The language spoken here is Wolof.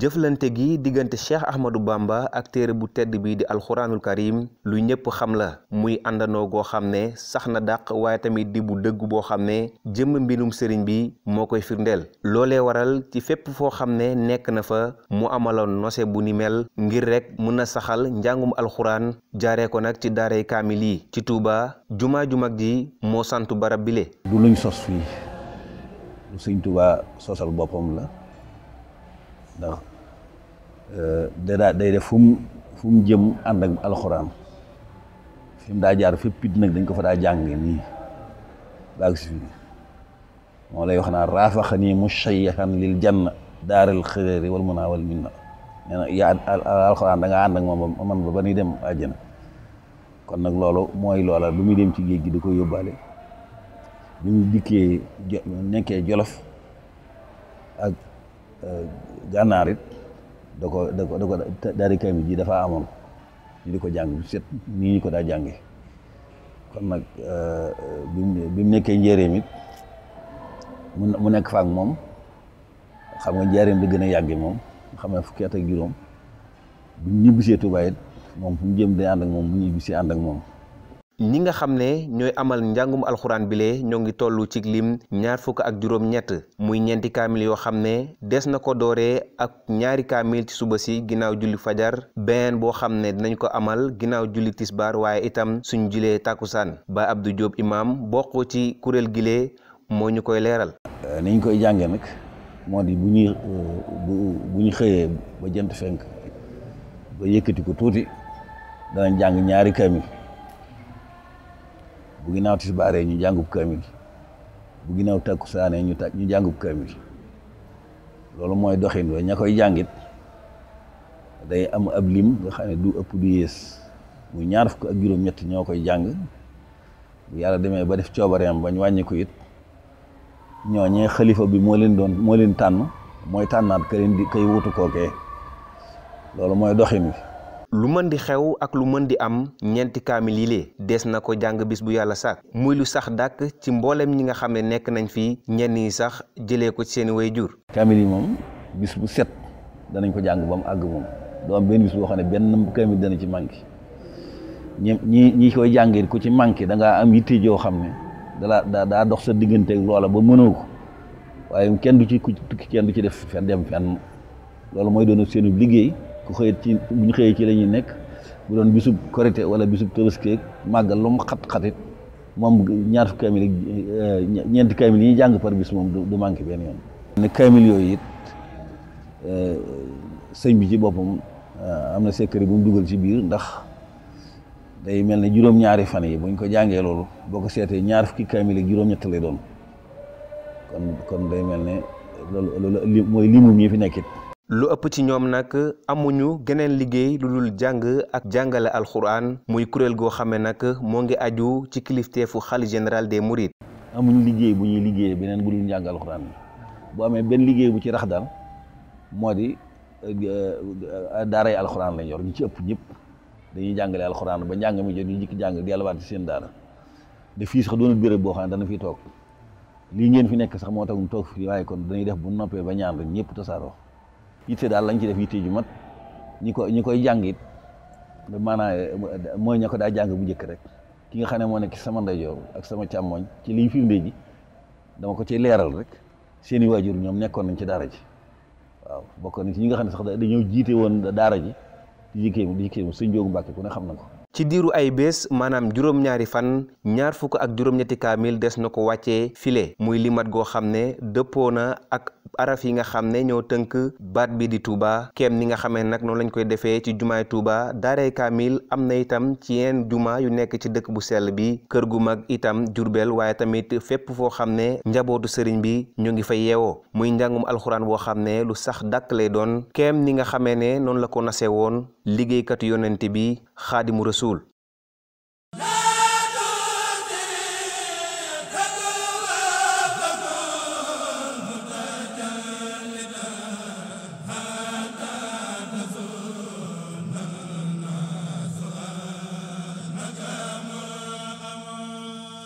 jëflante gi diggante cheikh ahmadou bamba ak téere bu tedd bii di alxuraanul karim lu ñëpp xam la muy àndandoo goo xam ne sax na dàq waaye tamit di bu dëgg boo xam ne jëmm mbinum sëriñ bi moo koy firndeel loole waral ci fépp foo xam ne nekk na fa mu amaloon nose bu ni mel ngir rek mën na saxal njàngum alxuraan jaare ko nag ci daaray kaamil yi ci tuuba jumaa ju mag ji moo santu barab bile du luñ sos fii lu sëñ Touba sosal boppam la Euh, da daa day def fu mu jëm ànd ak alxuraan fi mu daa jaar fépp it nag dañ ko fa daa jàng nii baag si fii moo lay wax naa raafaxa nii mushayahan lil janna daaral xëréeri wal mun a wal min na nee yaa alxuraan da nga ak man ba ba dem àjjana kon nag loolu mooy loola lu muy dem ci géej gi da koy yóbbaale bi mu dikkee nekkee jolof ak euh, gànnaar doko ko da ko da ko daari ji dafa amoon ñu di ko jàng bu set nii ñu ko daa jànge kon nag euh, bi mu nekkee njëriñ it mu nekk fa ak moom xam nga njëriñ bi gën a yàgg moom xam nga fukki at ak juróom bu ñu ñibbisee Tuubaa moom fu mu jëm day ànd ak moom mu ñu ñibbisee ànd ak moom. ni nga xam ne ñooy amal njàngum alxuraan bile ñoo ngi toll ci lim ñaar fukk ak juróom-ñett muy ñeenti kaamil yoo xam ne des na ko dooree ak ñaari kaamil ci suba si ginnaaw julli fajar beneen boo xam ne dinañ ko amal ginnaaw julli tisbaar waaye itam suñ julee tàkkusaan ba Abdou Diop imam bokkoo ci kuréel gile moo ñu koy leeral. Euh, ni koy jàngee nag moo di bu euh, xëyee ba jant fenk ba yëkkati ko tuuti danañ jàng ñaari kaamil. bu ginnaaw tisbaaree ñu jàngub kaamil bu ginnaaw takkusaanee ñu ñu jàngub kaamil loolu mooy doxin wa ña koy jàngit day am ab lim nga xam ne du ëpp du yées mu ñaar fukk ak juróom-ñett ñoo koy jàng bu yàlla demee ba def coobareem bañ wàññi ko it ñooñee xalifa bi moo leen doon moo leen tànn mooy tànnaat ka leen di kay wutu kookee loolu mooy doxin wi lu mën di xew ak lu mën di am ñeenti kaamil yii le des na ko jàng bis bu yàlla sàkk muy lu sax dàkk ci mboolem ñi nga xam ne nekk nañ fii ñenn yi sax jëlee ko ci seeni way jur kaamil yi moom bis bu set danañ ko jàng ba mu àgg moom doo am benn bis boo xam ne benn kaamil dana ci manqué ñi ñi ñi koy jàngee ku ci manqué da ngaa am yitte joo xam ne dalaa da daa dox sa diggante ak loola ba mënoo ko waaye kenn du ci ku tukki kenn du ci def fenn dem fenn loolu mooy doon seenu liggéey ku xëyit ci bu ñu xëyee ci la ñuy nekk bu doon bisu korité wala bisub tabaski màggal lu mu xat-xatit moom ñaar fukki kaamil ak eh, ñeenti kaamil yi ñuy jàng par bis moom du manqué benn yoon ne kaamil yooyu it eh, sëñ bi ci boppam eh, am na secret bu mu dugal ci biir ndax day mel ni juróom-ñaari fan yi buñ ko jàngee loolu boo ko seetee ñaar fukki kaamil ak juróom-ñett lay doon kon kon day mel ni loolu loolu ñi fi nekkit lu ëpp ci ñoom nag amuñu geneen liggéey lu dul jàng ak jàngale alxuraan muy kuréel goo xamee nag moo ngi aju ci kilifteefu xalifa général des mourides amuñu liggéey bu ñuy liggéey beneen bu dul njàng alxuraan bi bu amee benn liggéey bu ci rax daal moo di euh, daaray alxuraan lañ yor ñu ci ëpp ñëpp dañuy jàngale alxuraan ba njàng mi jot ñu njëkk jàng delluwaat ci seen daara de fii sax doonul béréb boo xam ne dana fi toog lii ngeen fi nekk sax moo tax toog fii waaye kon dañuy def bu noppee ba ñaan rek ñëpp tasaaroo yitte daal lañ ci def yitte ju mat ñi ko ñi koy jàng it maanaam mooy ña daa jàng bu njëkk rek ki nga xam ne moo nekk sama ndeyjoor ak sama càmmoñ ci liy firnde ji dama ko ci leeral rek seeni waajur ñoom nekkoon nañ ci daara ji waaw bokkoon nañ ci ñi nga xam ne sax dañoo jiite woon daara ji di jikkee mu di jikkee mu sëñ xam na ko ci diiru ay bés maanaam juróom-ñaari fan ñaar fukk ak juróom-ñetti kaamil des na ko wàccee file muy limat goo xam ne dëppoo na ak araf yi nga xam ne ñoo tënk baat bi di Touba kem ni nga xame nag noonu lañu koy defee ci jumaay Touba daaray kaamil am na itam ci yenn jumaa yu nekk ci dëkk bu sell bi kër gu mag itam Jurbel waaye tamit fépp foo xam ne njabootu sëriñ bi ñoo ngi fa yeewoo muy njàngum alxuraan boo xam ne lu sax dàkk lay doon kem ni nga xamee ne noonu la ko nase woon liggéeykatu yonent bi xaadimu rasuul